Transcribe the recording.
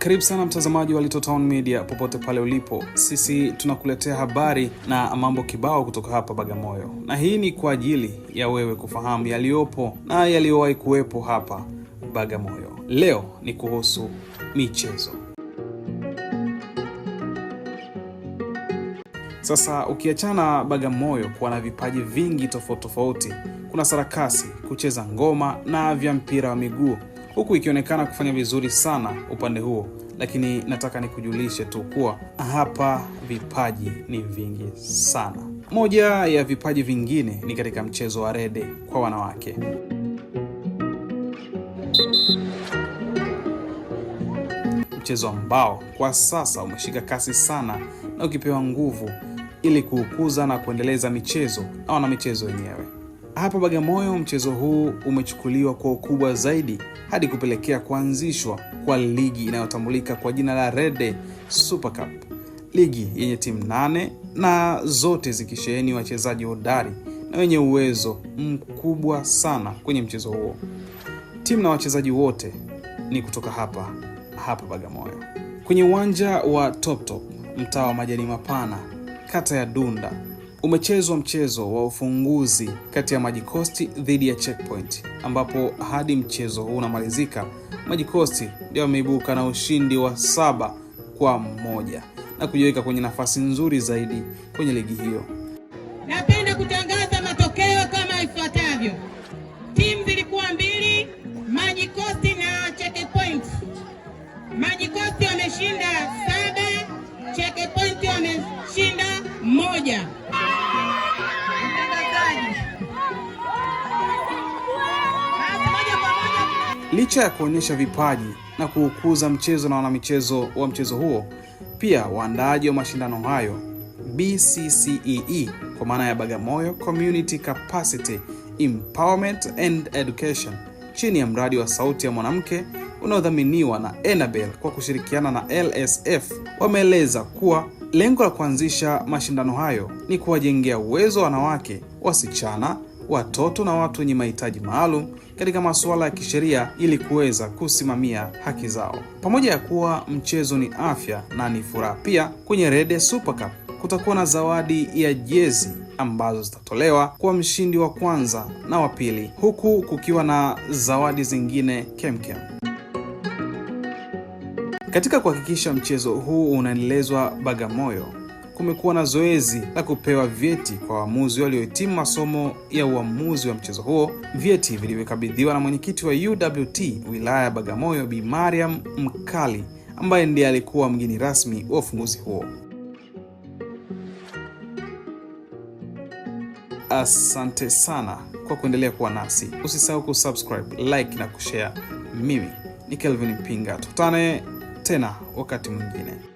Karibu sana mtazamaji wa Little Town Media popote pale ulipo, sisi tunakuletea habari na mambo kibao kutoka hapa Bagamoyo, na hii ni kwa ajili ya wewe kufahamu yaliyopo na yaliyowahi kuwepo hapa Bagamoyo. Leo ni kuhusu michezo. Sasa ukiachana Bagamoyo kuwa na vipaji vingi tofauti tofauti, kuna sarakasi, kucheza ngoma na vya mpira wa miguu huku ikionekana kufanya vizuri sana upande huo, lakini nataka nikujulishe tu kuwa hapa vipaji ni vingi sana. Moja ya vipaji vingine ni katika mchezo wa rede kwa wanawake. Mchezo ambao kwa sasa umeshika kasi sana na ukipewa nguvu ili kuukuza na kuendeleza michezo na wana michezo wenyewe. Hapa Bagamoyo, mchezo huu umechukuliwa kwa ukubwa zaidi hadi kupelekea kuanzishwa kwa ligi inayotambulika kwa jina la Rede Super Cup, ligi yenye timu nane na zote zikisheheni wachezaji hodari na wenye uwezo mkubwa sana kwenye mchezo huo. Timu na wachezaji wote ni kutoka hapa hapa Bagamoyo, kwenye uwanja wa toptop mtaa wa Majani Mapana, kata ya Dunda Umechezwa mchezo wa ufunguzi kati ya Maji kosti dhidi ya Checkpoint ambapo hadi mchezo huu unamalizika, Maji kosti ndio wameibuka na ushindi wa saba kwa mmoja na kujiweka kwenye nafasi nzuri zaidi kwenye ligi hiyo. Napenda kutangaza matokeo kama ifuatavyo: timu zilikuwa mbili, Maji kosti na Checkpoint. Maji kosti wameshinda saba, Checkpoint wameshinda moja. Licha ya kuonyesha vipaji na kuukuza mchezo na wanamichezo wa mchezo huo, pia waandaaji wa mashindano hayo BCCEE e, kwa maana ya Bagamoyo Community Capacity Empowerment and Education chini ya mradi wa Sauti ya Mwanamke unaodhaminiwa na Enabel kwa kushirikiana na LSF wameeleza kuwa lengo la kuanzisha mashindano hayo ni kuwajengea uwezo wanawake, wasichana watoto na watu wenye mahitaji maalum katika masuala ya kisheria ili kuweza kusimamia haki zao. Pamoja ya kuwa mchezo ni afya na ni furaha pia, kwenye Rede Super Cup kutakuwa na zawadi ya jezi ambazo zitatolewa kwa mshindi wa kwanza na wa pili, huku kukiwa na zawadi zingine kemkem. Katika kuhakikisha mchezo huu unaendelezwa Bagamoyo kumekuwa na zoezi la kupewa vyeti kwa waamuzi waliohitimu masomo ya uamuzi wa mchezo huo, vyeti vilivyokabidhiwa na mwenyekiti wa UWT wilaya ya Bagamoyo Bi Mariam Mkali ambaye ndiye alikuwa mgeni rasmi wa ufunguzi huo. Asante sana kwa kuendelea kuwa nasi. Usisahau kusubscribe, like na kushare. Mimi ni Kelvin Mpinga, tukutane tena wakati mwingine.